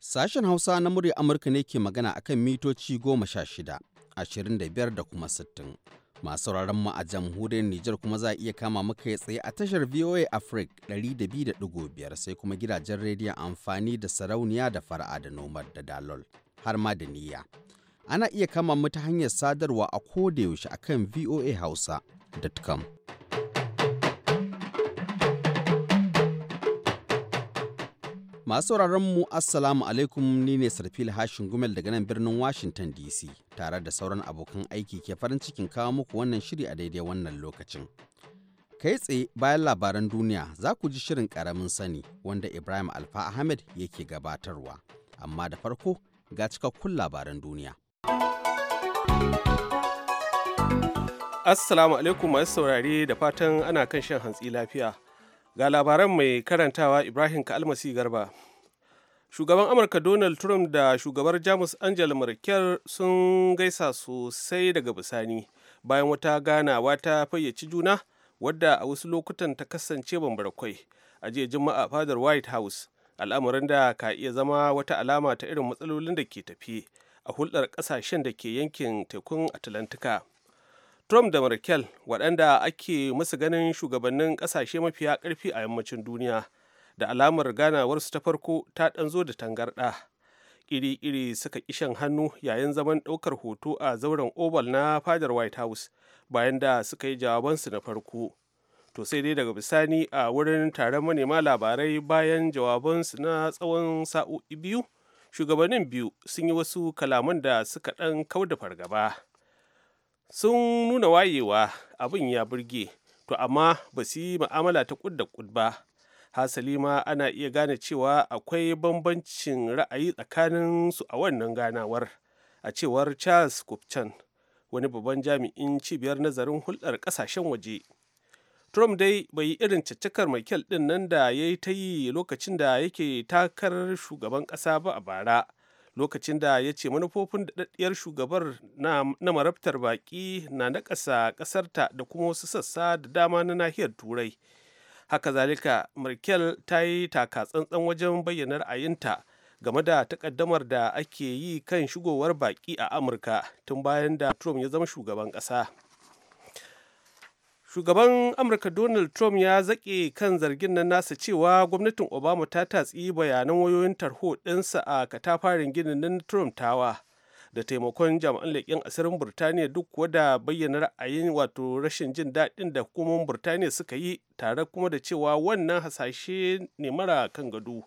Sashen Hausa na murya Amurka ne ke magana a kan mitoci goma sha shida, ashirin da biyar da kuma sittin. Masu mu a jamhuriyar Nijar kuma za a iya kama muka tsaye a tashar VOA Africa 200.5 sai kuma gidajen rediyon amfani da sarauniya da fara'a da nomad da dalol har ma da niyya. ana iya kama mu ta hanyar sadarwa a kodayaushe akan voahausa.com. Masu sauraron mu Assalamu alaikum ni ne Sarfil Hashin Gumel daga nan birnin Washington DC tare da sauran abokan aiki ke farin cikin kawo muku wannan shiri a daidai wannan lokacin. Kai tsaye bayan labaran duniya za ku ji shirin karamin sani wanda Ibrahim Alfa Ahmed yake gabatarwa, amma da farko ga cikakkun labaran duniya. Assalamu alaikum masu saurare da fatan ana kan shan hantsi lafiya. Ga labaran mai karantawa Ibrahim Kalmasi Garba. Shugaban Amurka Donald Trump da shugabar Jamus Angela Merkel sun gaisa sosai daga bisani bayan wata ganawa ta fayyaci juna wadda a wasu lokutan ta kasance bambarakwai a jiya Juma'a fadar White House al'amuran da ka iya zama wata alama ta irin matsalolin da ke tafiye. a hulɗar ƙasashen da ke yankin tekun atlantika trump da merkel waɗanda ake musu ganin shugabannin ƙasashe mafiya ƙarfi a yammacin duniya da alamar ganawarsu ta farko ta ɗan zo da tangarɗa iri-iri suka kishan hannu yayin zaman ɗaukar hoto a zauren oval na fadar white house bayan da suka yi jawabansu na farko to sai dai daga bisani a wurin taron manema labarai bayan jawabansu na tsawon sa'o'i biyu shugabannin biyu sun yi wasu kalaman da suka ɗan kau da fargaba sun nuna wayewa abin ya burge to amma ba su yi ma'amala ta kud da kud ba hasali ma ana iya gane cewa akwai bambancin ra'ayi tsakanin su a wannan ganawar a cewar charles kupchan wani babban jami'in cibiyar nazarin hulɗar ƙasashen waje Trump dai bai yi irin caccakar Michael ɗin nan da ya yi ta yi lokacin da yake takarar shugaban ƙasa ba a bara. Lokacin da ya ce manufofin daɗaɗɗiyar shugabar na, marabtar baƙi na naƙasa ƙasarta da kuma wasu sassa da dama na nahiyar Turai. Haka zalika, Merkel ta yi taka tsantsan wajen bayyana ra'ayinta game da takaddamar da ake yi kan shigowar baƙi a Amurka tun bayan da Trump ya zama shugaban ƙasa. shugaban amurka donald trump ya zaƙe kan zargin nan nasa cewa gwamnatin obama ta tatsi bayanan wayoyin tarho ɗinsa a katafarin ginin na trump tawa da taimakon jami'an leƙen asirin burtaniya duk kuwa da bayyana ra'ayin wato rashin jin daɗin da hukumomin burtaniya suka yi tare kuma da cewa wannan hasashe ne mara kan gado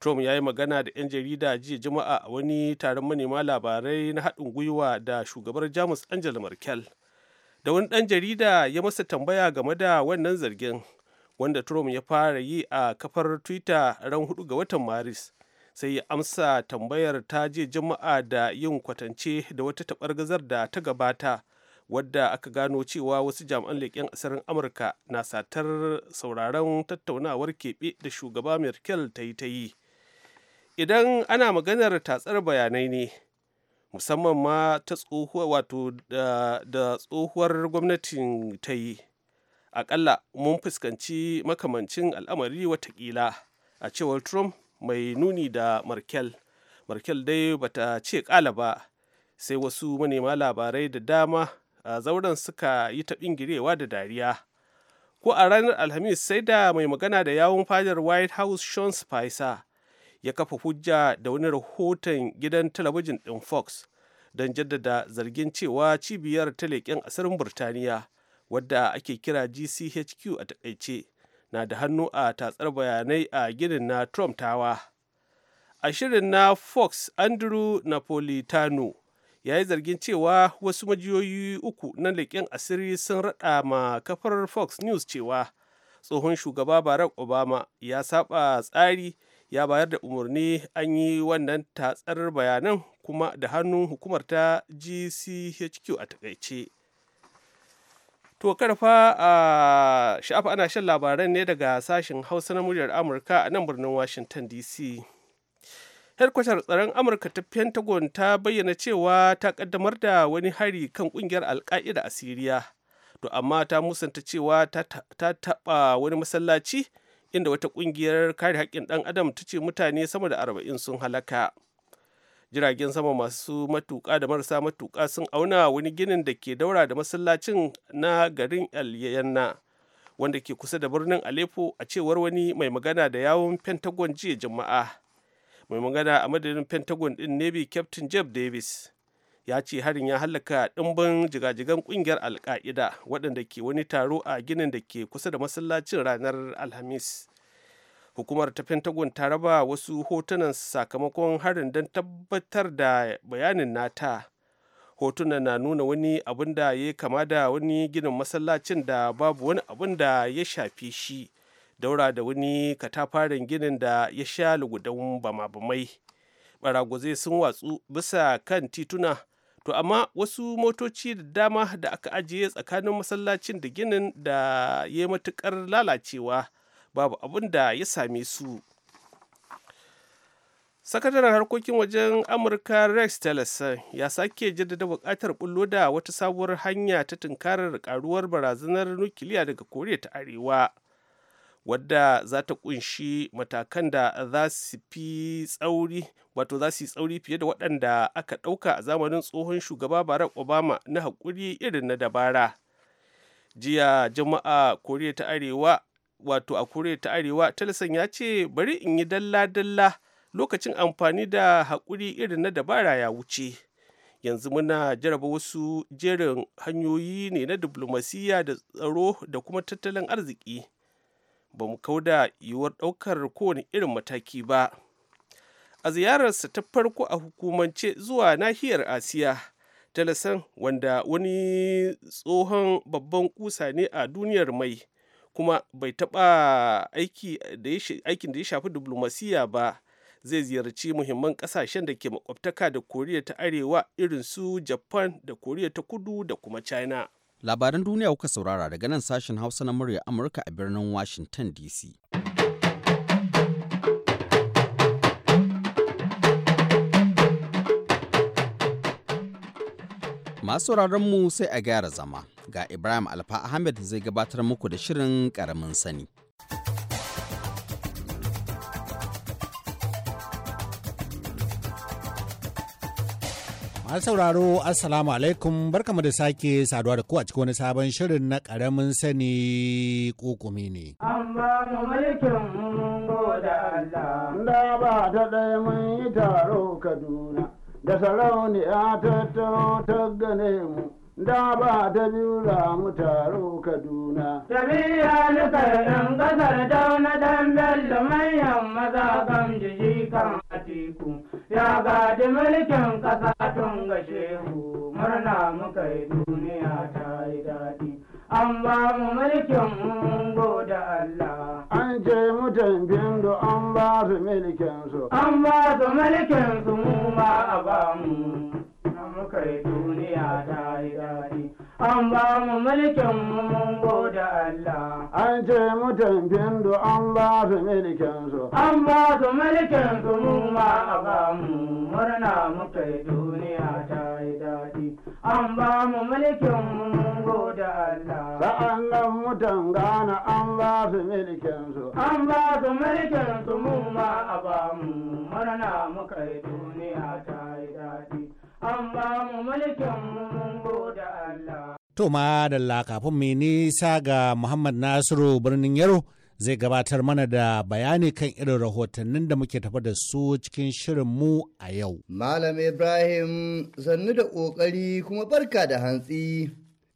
trump ya yi magana da 'yan jarida jiya juma'a a wani taron manema labarai na haɗin gwiwa da shugabar jamus angela merkel da wani ɗan jarida ya masa tambaya game da wannan zargin wanda trump ya fara yi a kafar twitter ran hudu ga watan maris sai ya amsa tambayar ta je jama'a da yin kwatance da wata gazar da ta gabata wadda aka gano cewa wasu jami'an leƙen asirin amurka na satar sauraron tattaunawar keɓe da shugaba merkel ta yi ta yi idan ana maganar tatsar bayanai ne musamman ma ta tsohuwar wato da tsohuwar gwamnatin ta yi akalla mun fuskanci makamancin al'amari watakila a cewar trump mai nuni da markel markel dai bata ce kala ba sai wasu manema labarai da dama a zauren suka yi ta bingirewa da dariya ko a ranar alhamis sai da mai magana da yawon fadar white house sean spicer ya kafa hujja da wani rahoton gidan talabijin ɗin fox don jaddada zargin cewa cibiyar ta leƙen asirin burtaniya wadda ake kira gchq a takaice na da hannu a tatsar bayanai a ginin na trump tawa a shirin na fox andrew napolitano ya yi zargin cewa wasu majiyoyi uku na leƙen asiri sun raɗa ma kafar fox news cewa tsohon shugaba barack obama ya saba tsari ya bayar da umarni an yi wannan tatsar bayanan kuma da hannun hukumar ta gchq a takaice to karfa a sha'afa ana shan labaran ne daga sashen hausa na muryar amurka a nan birnin washington dc Hedkwatar tsaron Amurka ta Pentagon ta bayyana cewa ta kaddamar da wani hari kan kungiyar Alka'ida a Siriya. To amma ta musanta cewa ta taba wani masallaci inda wata kungiyar kare haƙƙin ɗan adam ta ce mutane sama da arba'in sun halaka jiragen sama masu matuƙa da marasa matuƙa sun auna wani ginin da ke daura da masallacin na garin alyanna wanda ke kusa da birnin aleppo a cewar wani mai magana da yawon pentagon jiya jama'a mai magana a madadin pentagon din navy captain jeff davis ya ce harin ya hallaka ɗimbin jigajigan ƙungiyar alka'ida waɗanda ke wani taro a ginin da ke kusa da masallacin ranar alhamis hukumar ta pentagon ta raba wasu hotunan sakamakon harin don tabbatar da bayanin nata hotunan na nuna wani abin da ya kama da wani ginin masallacin da babu wani abin da ya shafe shi daura da wani katafaren ginin da ya sha lugudan bama-bamai zai sun watsu bisa kan tituna to amma wasu motoci da dama da aka ajiye tsakanin masallacin da ginin da ya matukar lalacewa babu abin da ya same su sakataren harkokin wajen amurka rex tillerson ya sake jaddada buƙatar bullo da wata sabuwar hanya ta tunkarar karuwar barazanar nukiliya daga koriya ta arewa wadda za ta kunshi matakan da za su fi tsauri wato za su yi tsauri fiye da waɗanda aka ɗauka a zamanin tsohon shugaba barack obama na haƙuri irin na dabara jiya jama'a koriya ta arewa wato a koriya ta arewa talasan ya ce bari in yi dalla-dalla lokacin amfani da haƙuri irin na dabara ya wuce yanzu muna jaraba wasu jerin hanyoyi ne na diplomasiya da tsaro da kuma tattalin arziki ba mu kauda yiwuwar ɗaukar kowane irin mataki ba a ziyararsa ta farko a hukumance zuwa nahiyar asiya talasan wanda wani tsohon babban kusa ne a duniyar mai kuma bai taɓa aikin da ya shafi diplomasiya ba zai ziyarci muhimman ƙasashen da ke makwabtaka da koriya ta arewa irin su japan da koriya ta kudu da kuma china labaran duniya kuka saurara daga nan sashen hausa na murya amurka a birnin washington dc Masu mu sai a gyara zama ga Ibrahim Alfa Ahmed zai gabatar muku da shirin karamin sani. Masu sauraro Assalamu alaikum barkamu da sake saduwa da ku a cikin wani sabon shirin na karamin sani kokumi ne. Amma mu mulkin da Allah, da ba da ɗaya mun yi taro Kaduna. da sarauniya tattaro ta gane mu da ba ta jura mu taro kaduna. Tabiya ni ƙasar dauna don bello manyan maza kan jiji kan atiku. Ya gadi mulkin ƙasa tun ga shehu murna muka yi duniya ta yi daɗi. An ba mu mulkin mun da Allah. ce mutan bindo an ba su milikin su. An ba su milikin su mu ma a ba mu. muka yi duniya ta yi daɗi. An ba mu milikin mu mun gode Allah. An ce mutan bindo an ba su milikin su. An ba su milikin su mu ma a ba mu. Murna muka yi duniya ta yi daɗi. An ba mu milikin mu sa'an nan mutan gana an ba su mulkin su an ba su mulkin su mu ma a ba mu murna muka yi duniya ta yi daɗi an ba mu mulkin mu mun gode Allah To ma da kafin mai nisa ga Muhammad Nasiru birnin Yaro zai gabatar mana da bayani kan irin rahotannin da muke tafa da su cikin shirin mu a yau. Malam Ibrahim zannu da ƙoƙari kuma barka da hantsi.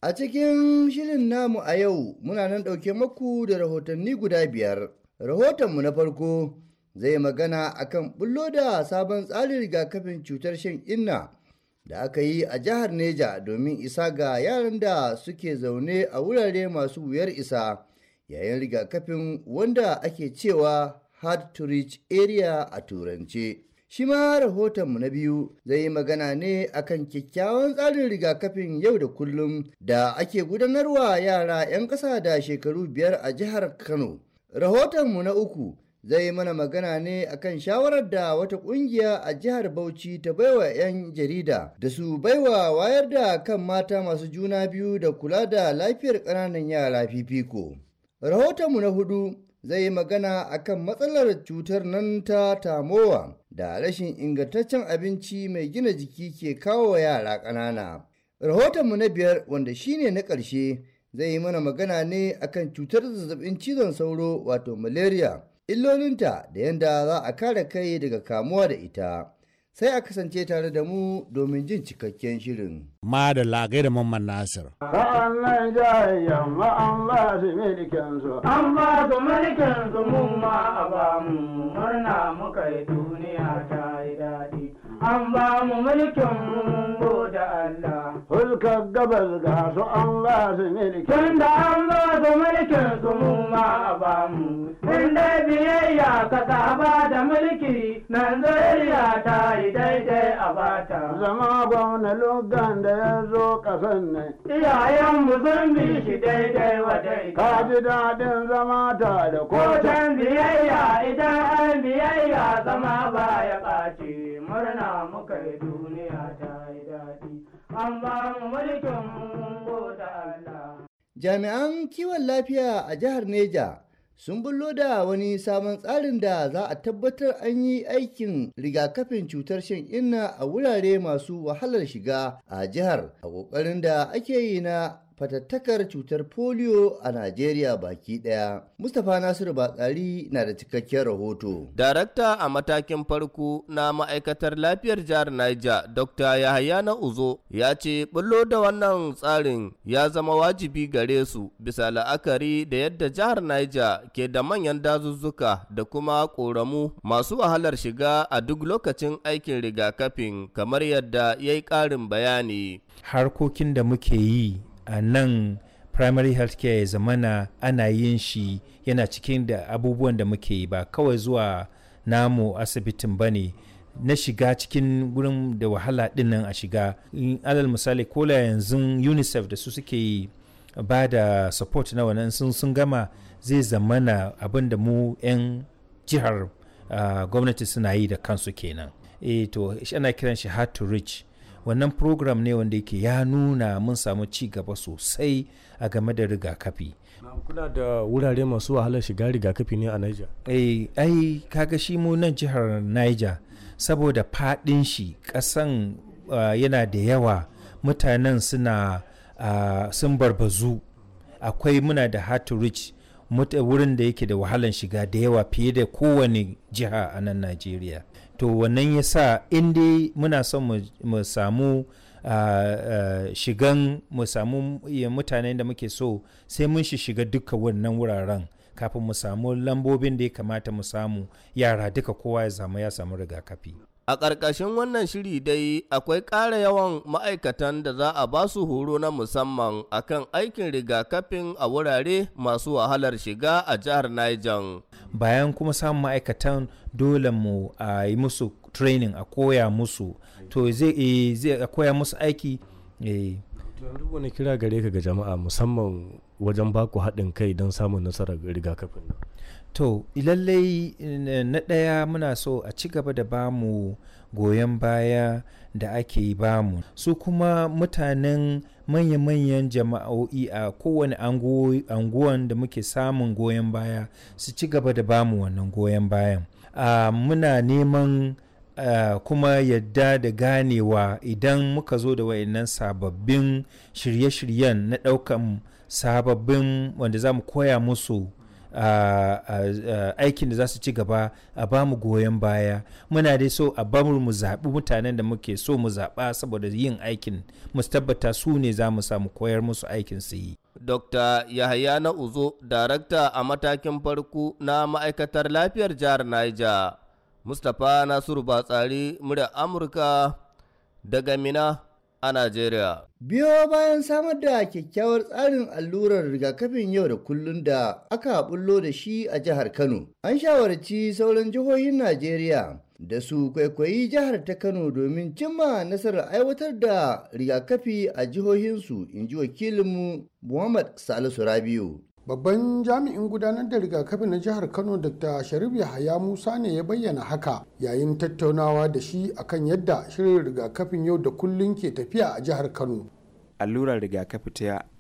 A cikin shirin namu a yau muna nan ɗauke maku da rahotanni guda biyar. Rahotonmu na farko zai magana akan bullo da sabon tsarin rigakafin cutar shan inna da aka yi a jihar Neja domin isa ga yaran da suke zaune a wurare masu wuyar isa yayin rigakafin wanda ake cewa hard to reach area a turance. Shi ma rahotonmu na biyu zai yi magana ne akan kyakkyawan tsarin rigakafin yau da kullum da ake gudanarwa yara 'yan ƙasa da shekaru biyar a jihar Kano. Rahotonmu na uku zai mana magana ne akan shawarar da wata kungiya a jihar Bauchi ta baiwa 'yan jarida da su baiwa wayar da kan mata masu juna biyu da kula da lafiyar ƙananan yara fifiko. Rahotonmu na hudu zai magana akan matsalar cutar nan ta tamowa. da rashin ingantaccen abinci mai gina jiki ke kawo wa yara ƙanana. Rahotonmu na biyar wanda shine na ƙarshe zai yi mana magana ne akan cutar zazzabin cizon sauro wato malaria, illolinta da yadda za a kare kai daga kamuwa da ita. sai a kasance tare da mu domin jin cikakken shirin. Ma da lagai da mamman Nasir. Sa'annan jayayya ma an ba su mulkin su, an ba su mulkin su ma a ba murna muka yi duniya ta yi daɗi. An ba mu mulkin mu bo da Allah. Fuskar gabas ga su an ba su milkin da an ba su mulkin su ma a ba mu. dai biyayya ka ba da mulki Najeriya ta yi daidai a bata. Zama gwamna lugan da ya zo kasan nan. Iyayen mu bi shi daidai wa daidai. Ka ji daɗin zama ta da kotan biyayya idan an biyayya zama ba ya ɓaci murna muka yi Jami'an kiwon lafiya a jihar Neja sun bullo da wani sabon tsarin da za a tabbatar an yi aikin rigakafin cutar shan inna a wurare masu wahalar shiga a jihar a ƙoƙarin da ake yi na fatattakar cutar polio a Najeriya baki ɗaya. Mustapha Nasiru Batsari na da cikakken rahoto. Darakta a matakin farko na ma'aikatar lafiyar jihar Niger, Dr. Yahaya na Uzo, ya ce bullo da wannan tsarin ya zama wajibi gare su bisa la'akari da yadda jihar Niger ke da manyan dazuzzuka da kuma ƙoramu masu wahalar shiga a duk lokacin aikin rigakafin kamar yadda ya yi ƙarin bayani. Harkokin da muke yi a nan primary health care ya zamana ana yin shi yana cikin da abubuwan da muke yi ba kawai zuwa namu asibitin ba ne na shiga cikin gurin da wahala dinnan a shiga alal misali kola yanzu unicef da su suke yi ba da support na wannan sun sun gama zai zamana abin da mu 'yan jihar ah, gwamnati suna yi da kansu kenan e to ana kiran shi hard to reach wannan program ne wanda yake ya nuna mun samu ci gaba sosai a game da rigakafi kuna da wurare masu wahalar shiga rigakafi ne a niger ai eh, ai kaga shi mu nan jihar niger saboda fadin shi kasan yana da yawa mutanen suna sun barbazu akwai muna da hard to reach wurin da yake da wahalar shiga da yawa fiye da kowane jiha a nan najeriya to wannan ya sa inda muna son mu samu ah, ah, shigan mu samu mutanen da muke so sai mun shi shiga duka wannan wuraren kafin mu samu lambobin da ya kamata mu samu yara duka kowa ya zama ya samu rigakafi a ƙarƙashin wannan shiri dai akwai ƙara yawan ma'aikatan da za a ba su horo na musamman akan aikin rigakafin a wurare masu wahalar shiga a jihar niger bayan kuma samun ma'aikatan dole mu a yi musu training a koya musu to zai e, a koya musu aiki duk e. wani kira gare ka ga jama'a musamman wajen baku haɗin kai don samun nasarar rigakafin to lallai na ɗaya muna so a ci gaba da bamu goyon baya da ake bamu su kuma mutanen manya-manyan jama'o'i a kowane anguwan da muke samun goyon baya su ci gaba da bamu wannan goyon bayan uh, muna neman kuma yadda da ganewa idan muka zo da wayannan sababbin shirye-shiryen na ɗaukan sababbin wanda za mu koya musu aikin da za su ci gaba a ba mu goyon baya muna dai so a ba mu zaɓi mutanen da muke so mu zaɓa saboda yin aikin mu tabbata su ne za mu samu koyar musu aikin su yi Dr. Yahaya na Uzo, darakta a matakin farko na ma'aikatar lafiyar jihar Niger, Mustapha Nasiru Batsari, murya Amurka daga Mina a Najeriya. Biyo bayan samar da kyakkyawar tsarin allurar rigakafin yau da kullun da aka bullo da shi a jihar Kano, an shawarci sauran jihohin Najeriya da su kwaikwayi jihar ta Kano domin cimma nasarar aiwatar da rigakafi a jihohinsu, in ji wakilinmu Muhammad Salisu Rabiu. babban jami'in gudanar da rigakafi na jihar kano dr sharif yahaya musa ne ya bayyana haka yayin tattaunawa da shi akan yadda shirin rigakafin yau da kullun ke tafiya a jihar kano allurar rigakafi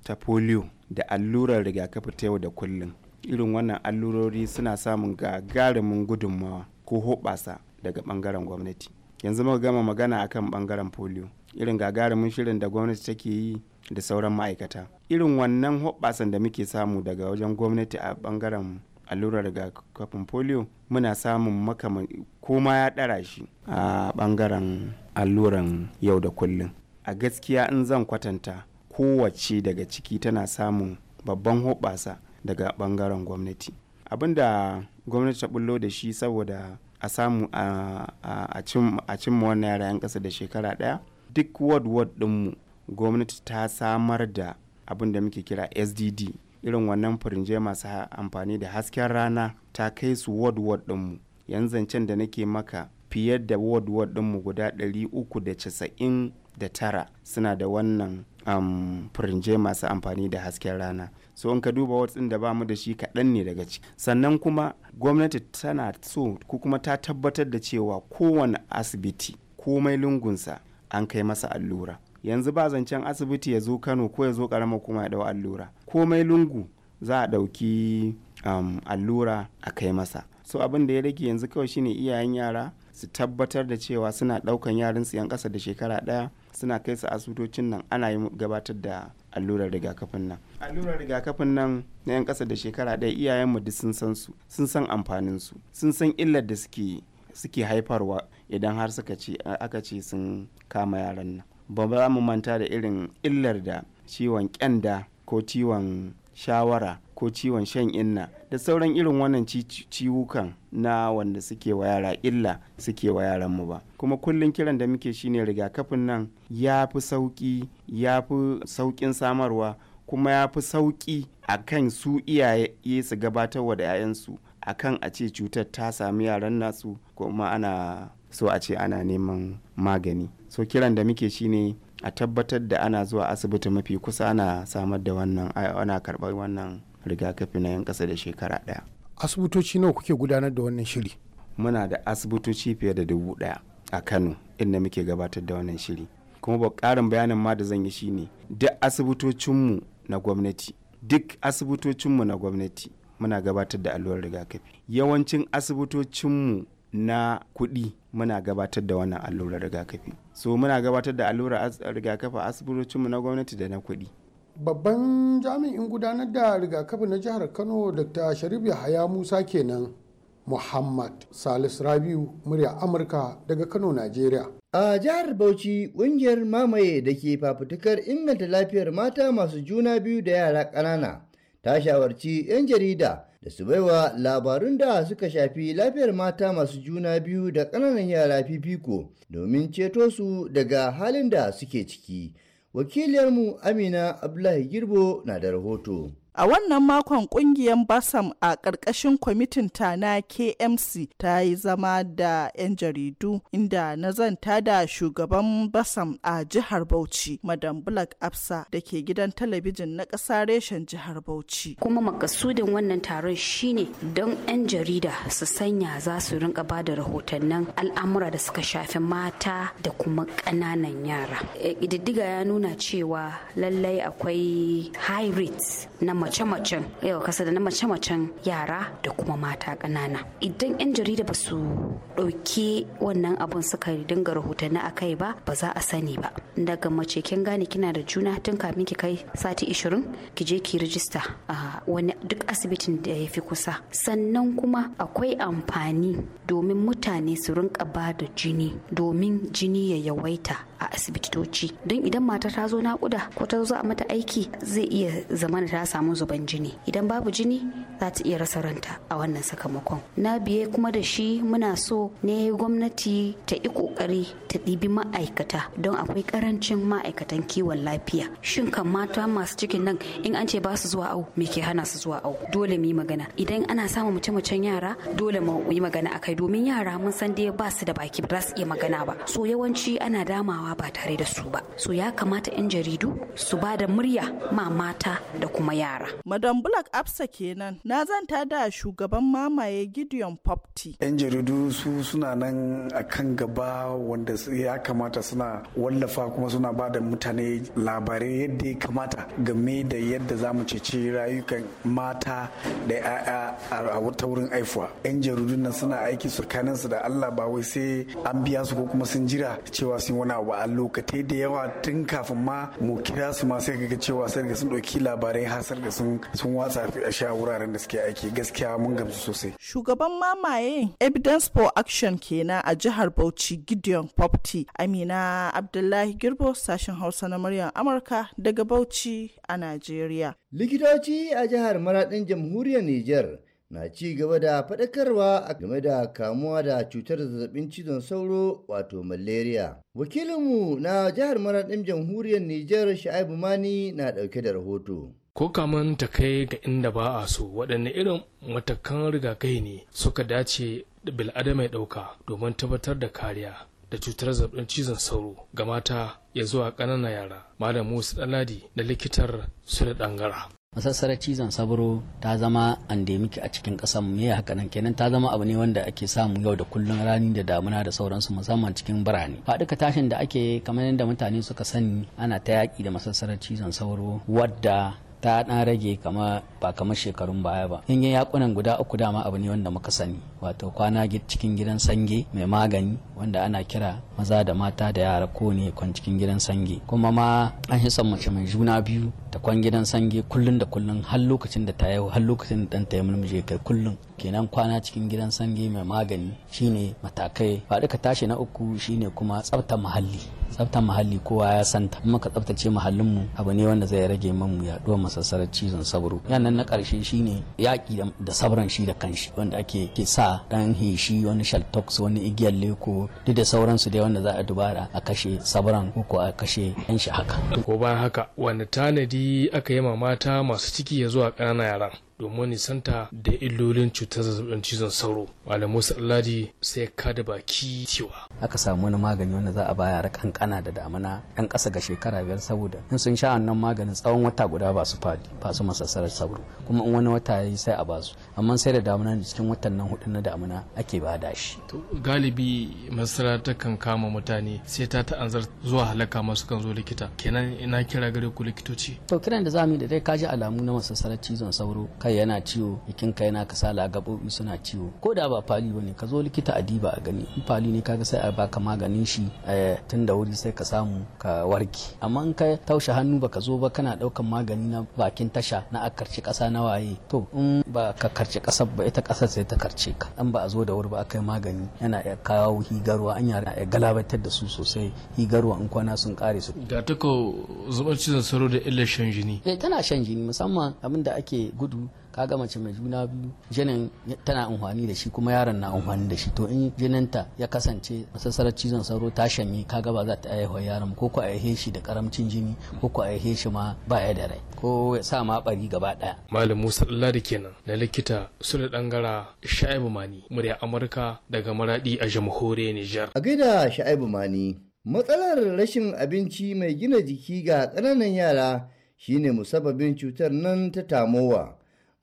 ta polio da allurar rigakafi ta yau da kullun, irin wannan allurori suna samun gagarumin gudunmawa ko hoɓasa daga ɓangaren gwamnati yanzu muka gama magana akan ɓangaren polio irin gagarumin shirin da gwamnati take yi da sauran ma'aikata irin wannan hoɓɓasan da muke samu daga wajen gwamnati a bangaren allurar rigakafin polio muna samun makaman koma ya ɗara shi a bangaren alluran yau da kullum a gaskiya in zan kwatanta kowace daga ciki tana samun babban hoɓɓasa daga bangaren gwamnati abin da gwamnati ta bullo da shi saboda a samu a cimma wannan yara 'yan ƙasa da shekara ɗaya duk ward ward ɗinmu gwamnati ta samar da abin da muke kira sdd irin wannan furinje masu amfani da hasken rana ta kai su ward ward ɗinmu yanzu zancen da nake maka fiye da ward ward ɗinmu guda 399 suna da wannan um, masu amfani da hasken rana so in ka duba din da ba mu da shi kaɗan ne daga ciki sannan kuma gwamnati tana so ko kuma ta tabbatar da cewa kowane asibiti komai lungunsa an kai masa allura yanzu ba zancen asibiti ya zo kano ko ya zo karama kuma ya dau allura komai lungu za a dauki um, allura a kai masa so abin da ya rage yanzu kawai shine iyayen yara su tabbatar da cewa suna daukan yaran su yan kasa da shekara daya suna kai su asibitocin nan ana yi gabatar da allurar rigakafin nan allurar rigakafin nan na yan kasa da shekara ɗaya iyayenmu duk sun san su sun san amfanin su sun san illar da suke suke haifarwa idan har suka ce aka ce sun kama yaran nan ba za mu manta da irin illar da ciwon kyanda ko ciwon shawara ko ciwon shan inna da sauran irin wannan ciwukan na wanda suke wa yara illa suke wa mu ba kuma kullum kiran da muke shine rigakafin nan ya fi sauki ya fi sauƙin samarwa kuma ya fi sauƙi a kan su iyaye su gabatarwa da 'ya'yansu a kan a ce cutar ta sami yaran nasu kuma ana so a ce ana neman magani so kiran da muke shine a tabbatar da ana zuwa asibiti mafi kusa ana samar da wannan ana karɓar wannan rigakafi na 'yan ƙasa da shekara ɗaya asibitoci nawa kuke gudanar da wannan shiri muna da asibitoci fiye da dubu ɗaya a kano inda muke gabatar da wannan shiri kuma ba ƙarin bayanin ma da zan yi shine duk asibitocinmu na gwamnati duk asibitocinmu na gwamnati muna gabatar da allurar rigakafi yawancin asibitocinmu na kuɗi muna gabatar da wannan allurar rigakafi so muna gabatar da allurar rigakafi a asibitocinmu na gwamnati da na kuɗi babban jami'in gudanar da rigakafi na jihar kano dr sharif yahaya musa kenan muhammad salis rabiu murya amurka daga kano nigeria a jihar bauchi ƙungiyar mamaye da ke fafutukar inganta lafiyar mata masu juna biyu da yara ƙanana ta shawarci 'yan jarida da su baiwa labarun da suka shafi lafiyar mata masu juna biyu da ƙananan yara fifiko domin ceto su daga halin da suke ciki wakiliyarmu amina abdullahi girbo na da rahoto A wannan makon kungiyar Basam a ƙarƙashin kwamitin ta na KMC ta yi zama da 'yan jaridu inda na zanta da shugaban Basam a jihar Bauchi, Madam Black Absa da ke gidan talabijin na ƙasa reshen jihar Bauchi. Kuma makasudin wannan taron shine don 'yan jarida su sanya za su rinka ba da rahotannin al'amura da suka shafi mata da kuma ƙananan yara. Eh, ƙididdiga ya nuna cewa lallai akwai high rates na mace-macen yau kasa da na mace-macen yara da kuma mata ƙanana idan 'yan jarida ba su ɗauki wannan abun suka dinga rahotanni a kai ba ba za a sani ba daga mace kin gane kina da juna tun kafin ki kai sati 20 ki je ki rijista a wani duk asibitin da ya fi kusa sannan kuma akwai amfani domin mutane su rinka ba da jini domin jini ya yawaita a asibitoci don idan mata ta zo nakuda ko ta zo a mata aiki zai iya zama ta samu zuban jini idan babu jini za ta iya rasa ranta a wannan sakamakon na biye kuma da shi muna so ne gwamnati ta yi kokari ta ɗibi ma'aikata don akwai karancin ma'aikatan kiwon lafiya shin kan mata masu cikin nan in an ce ba su zuwa au me ke hana su zuwa au dole mu yi magana idan ana samun mace-macen yara dole mu yi magana akai domin yara mun san dai ba su da baki ba su iya magana ba so yawanci ana damawa ba tare da su ba so ya kamata 'yan jaridu su ba da murya ma mata da kuma yara madam black absa kenan na zanta da shugaban mamaye gideon popti 'yan jaridu su suna nan a kan gaba wanda ya kamata suna wallafa kuma suna ba da mutane labarai yadda ya kamata game da yadda za mu ceci rayukan mata da 'ya'ya a wurin aifuwa 'yan jaridu nan suna aiki tsakaninsu da allah ba wai sai an biya su ko kuma sun jira cewa sun wani abu a lokacin da yawa tun kafin ma mu kira su ma sai ga cewa sai ga sun ɗauki labarai har sai ga sun sun watsa a sha wuraren da suke aiki gaskiya mun gamsu sosai. Shugaban mamaye Evidence for Action kenan a jihar Bauchi Gideon Popti Amina Abdullahi Girbo sashen Hausa na muryar Amurka daga Bauchi a Najeriya. Likitoci a jihar Maradin Jamhuriyar Nijar na ci gaba da faɗakarwa a game da kamuwa da cutar zazzabin cizon sauro wato malaria. Wakilinmu na jihar Maraɗin jamhuriyar Nijar Sha'ibu Mani na ɗauke da rahoto. ko kamar ta kai ga inda ba a so waɗanne irin matakan rigakai ne suka dace da bil'adama ya ɗauka domin tabbatar da kariya da cutar zazzabin cizon sauro ga mata ya zuwa ƙananan yara malam musu ɗanadi da likitar su da ɗangara masassarar cizon sabro ta zama endemic a cikin ƙasar me haka nan kenan ta zama abu ne wanda ake samu yau da kullun rani da damuna da sauransu musamman cikin birane duka tashin da ake kamar yadda mutane suka sani ana ta yaki da masassarar cizon sauro wadda ta dan rage kama ba kamar shekarun baya ba yin yakunan guda uku dama abu ne wanda muka sani wato kwana cikin gidan sange mai magani wanda ana kira maza da mata da yara ko ne kwan cikin gidan sange kuma ma an yi mace mai juna biyu ta kwan gidan sange kullun da kullun har lokacin da ta yau har lokacin da ɗanta ya mulmuje kai kullun kenan kwana cikin gidan sange mai magani shine matakai faɗi ka tashi na uku shine kuma tsabtar muhalli tsaftar muhalli kowa ya santa in muka tsaftace muhallin mu abu ne wanda zai rage mamu yaduwar masassarar cizon sauro yanan na karshe shine yaki da sabran shi da kanshi wanda ake ke sa dan heshi wani shaltox wani igiyar leko duk da sauransu dai wanda za a dubara a kashe sabran ko a kashe yan shi haka ko bayan haka wani tanadi aka yi mata masu ciki ya zuwa ƙananan yaran domin nisanta da illolin cutar zazzabin cizon sauro malam musa alladi sai ya kada baki cewa aka samu wani magani wanda za a baya yara kankana da damana yan ƙasa ga shekara biyar saboda in sun sha wannan maganin tsawon wata guda ba su fadi ba su masassarar sauro kuma in wani wata ya yi sai a ba su amma sai da damana da cikin watan nan hudu na damana ake ba da shi galibi masara ta kan kama mutane sai ta ta'anzar zuwa halaka masu kan zo likita kenan ina kira gare ku likitoci to kiran da zamu yi da dai kaji alamu na masassarar cizon sauro kai yana ciwo ka yana kasala gaɓoɓi suna ciwo ko da ba fali bane ka zo likita a diba a gani in fali ne kaga sai a baka maganin shi eh, tun da wuri sai ka samu ka warke amma in ka taushe hannu baka zo ba kana ɗaukan magani na bakin tasha na a karci ƙasa na waye to in ba ka karci ƙasar ba ita ƙasar sai ta karce ka in ba a zo da wuri ba aka yi magani yana iya kawo higarwa an yana iya galabaitar da su sosai higarwa in kwana sun kare su ga ta ko zubar cizon sauro da illar shan jini eh tana shan jini musamman abin da ake gudu Ka ga mace mai juna biyu jinin tana amfani da shi kuma yaron na amfani da shi to in jininta ya kasance masassarar cizon sauro ta shanye kaga ba za ta haihuwa yaron ko ku aihe shi da karamcin jini ko ku aihe shi ma ba ya da rai ko ya sa ma bari gaba daya malam Musa Lallari kenan na likita Sule Dangara Sha'ibu Mani murya Amurka daga Maradi a jamhuriyar Niger. a gaida Sha'ibu Mani matsalar rashin abinci mai gina jiki ga ƙananan yara shine musabbabin cutar nan ta tamowa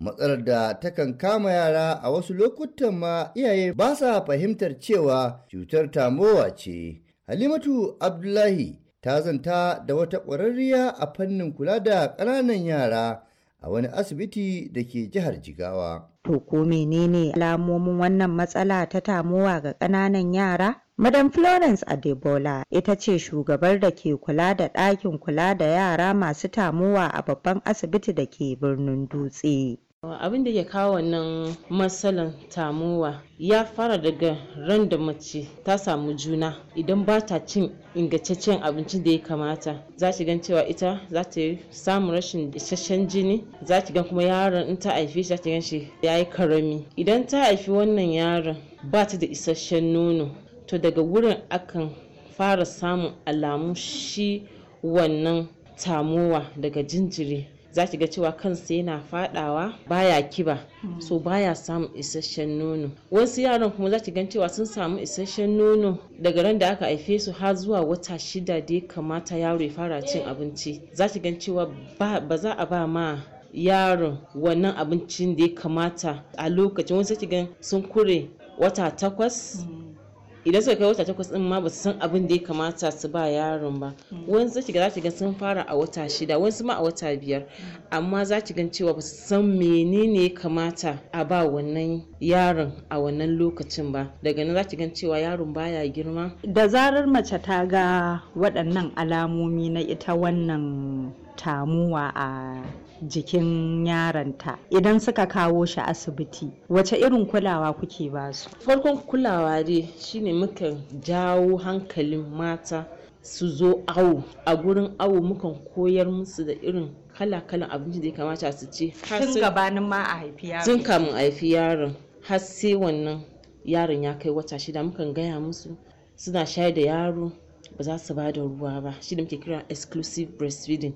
matsalar da takan kama yara a wasu lokutan ma iyaye ba sa fahimtar cewa cutar tamowa ce halimatu abdullahi ta zanta da wata ƙwararriya a fannin kula da ƙananan yara a wani asibiti da ke jihar jigawa to ko menene alamomin wannan matsala ta tamowa ga ƙananan yara Madam Florence Adebola ita ce shugabar da ke kula da ɗakin kula da yara masu tamowa a babban asibiti da ke birnin dutse. abin da ke kawo wannan matsalan tamuwa ya fara daga ran da mace ta samu juna idan ba ta cin ingantaccen abinci da ya kamata za ki gan cewa ita za ta samu rashin isasshen jini za ki gan kuma yaron in ta haifi za ki gan shi ya yi karami idan ta haifi wannan yaron ba ta da isasshen nono to daga wurin akan fara samun alamun shi wannan tamuwa daga jinjiri za ki ga cewa kansa yana fadawa baya kiba so baya samun isasshen nono wasu yaran kuma za ki gan cewa sun samu isasshen nono daga ran da aka haife su har zuwa wata shida da ya kamata yaro ya fara cin abinci za ki gan cewa ba za a ba ma yaron wannan abincin da ya kamata a lokacin wasu ki gan sun kure wata takwas mm. idan suka kai wata takwas din ma ba su san abin da ya kamata su ba yaron ba wani za ki ga sun fara a wata shida wasu ma a wata biyar amma za ki gan cewa ba su san menene ya kamata a ba wannan yaron a wannan lokacin ba daga nan za ki gan cewa yaron baya girma da zarar mace ta ga waɗannan alamomi na ita wannan tamuwa a jikin yaranta, idan suka kawo shi asibiti wace irin kulawa kuke ba su farkon kulawa dai shine muka jawo hankalin mata su zo awo a gurin awo mukan koyar musu da irin kala-kalan abinci da ya kamata su ci tun gabanin ma a haifi yaron kamun haifi yaron har sai wannan yaron ya kai wata shida mukan gaya musu suna shayar da yaro ba za su ba da ruwa ba shi da muke kira exclusive breastfeeding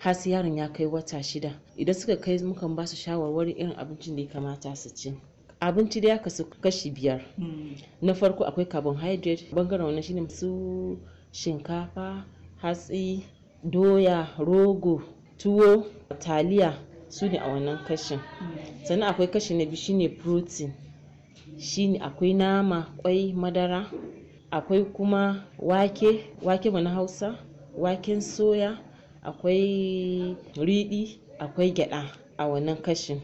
har sai yaron ya kai wata shida idan suka kai mukan ba su shawarwari irin abincin da ya kamata su ci abinci da ya kasu kashi biyar hmm. na farko akwai hydrate bangaren wannan shine su shinkafa hatsi doya rogo tuwo taliya su ne a wannan kashin hmm. sannan akwai kashi na biyu shine protein shine akwai nama kwai madara akwai kuma wake wake na hausa waken soya akwai riɗi akwai gyaɗa a wannan kashin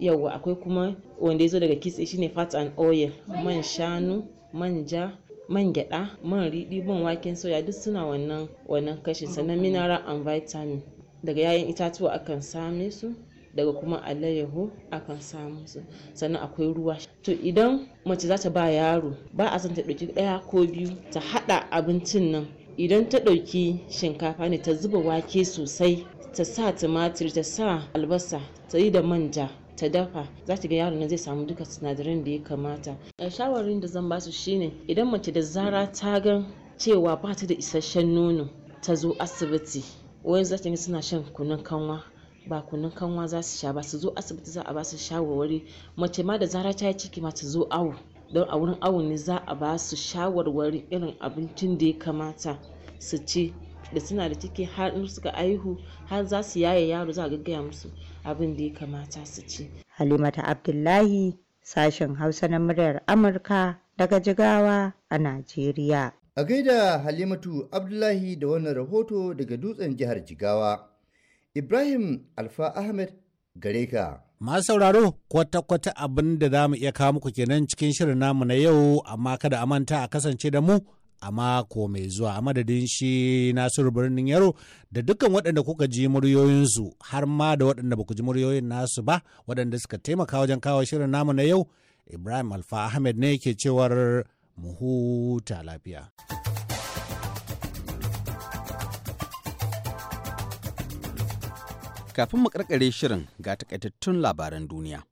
yawwa akwai kuma wanda ya zo daga kitse shine fat and oil man shanu man ja man gyaɗa man riɗi man waken soya duk suna wannan wannan kashin sannan mineral and vitamin daga yayin itatuwa akan same su daga kuma alayyahu akan samu su sannan akwai ruwa to idan mace za ta ba yaro ba a son ta ɗauki ɗaya ko biyu ta haɗa abincin nan idan ta ɗauki shinkafa ne ta zuba wake sosai ta sa tumatir ta sa albasa ta yi da manja ta dafa za ta ga yaron nan zai samu duka sinadaran da ya kamata A eh, shawarin da zan basu shine idan mace da zara ta gan cewa ba ta da isasshen nono ta zo asibiti wani za ta ga suna shan kunun kanwa ba kunun kanwa za su sha ba su zo asibiti za a ba su shawarwari mace ma da zara ta yi ciki ma ta zo awo don a wurin awon za a ba su shawarwari irin abincin da ya kamata su ci da suna da ciki har in suka aihu har za su yaye yaro za a gaggaya musu abin da ya kamata su ci. Halimata Abdullahi sashen Hausa na muryar Amurka daga Jigawa a Najeriya. A gaida Halimatu Abdullahi da wannan rahoto daga dutsen jihar Jigawa. Ibrahim Alfa Ahmed Gareka. Masu sauraro kwata-kwata abin da za mu iya kawo muku kenan cikin shirin namu na yau amma kada a manta a kasance da mu a mako mai zuwa a madadin shi nasiru birnin yaro da dukkan waɗanda kuka ji muryoyinsu har ma da waɗanda ba ku ji muryoyin nasu ba waɗanda suka taimaka wajen kawo shirin namu na yau ibrahim alfa ahmed ne ke cewar mu huta lafiya. Kafin mu karkare shirin ga takaitattun labaran duniya.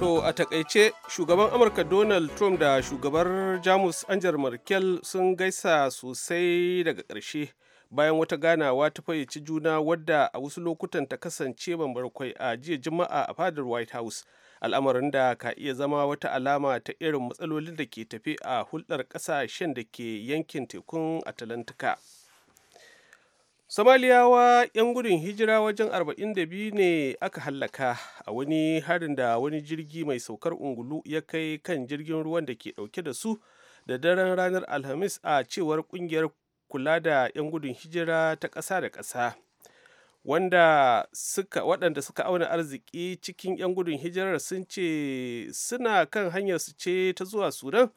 To a takaice shugaban Amurka Donald Trump da shugabar Jamus Angel Merkel sun gaisa sosai daga ƙarshe bayan wata ganawa ta fayyaci juna wadda a wasu lokutan ta kasance bambarkwai a jiya Juma'a a fadar White House. Al'amarin da ka iya zama wata alama ta irin matsalolin da ke tafi a hulɗar ƙasashen da ke yankin tekun Atalantika. somaliyawa 'yan gudun hijira wajen 42 ne aka hallaka a wani harin da wani jirgi mai saukar ungulu ya kai kan jirgin ruwan da ke dauke da su da daren ranar alhamis a cewar kungiyar kula da 'yan gudun hijira ta ƙasa da ƙasa wanda suka waɗanda suka auna arziki cikin 'yan gudun hijirar sun ce suna kan hanyar su ce ta zuwa sudan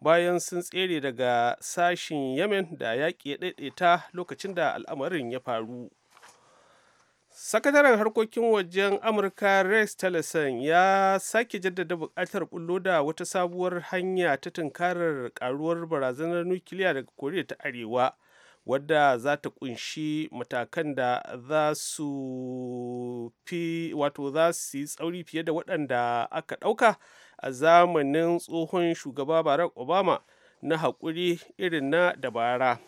bayan sun tsere daga sashin yamen da yaƙi ya ɗaiɗaita lokacin da al'amarin ya faru sakataren harkokin wajen amurka rex tillerson ya sake jaddada buƙatar bullo da wata sabuwar hanya ta tunkarar karuwar barazanar nukiliya daga koriya ta arewa wadda za ta kunshi matakan da za su fi wato za su yi tsauri fiye da waɗanda aka ɗauka a zamanin tsohon shugaba barack obama na haƙuri irin na dabara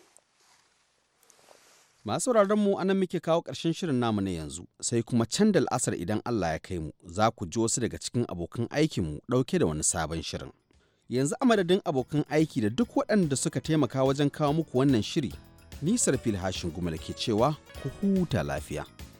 masu mu anan muke kawo ƙarshen shirin namu na yanzu sai kuma can da al'asar idan allah ya kai mu za ku ji wasu daga cikin abokan aikinmu ɗauke da wani sabon shirin yanzu a madadin abokan aiki da duk waɗanda suka taimaka wajen kawo muku wannan shiri nisar filhashin gumala ke cewa ku huta lafiya.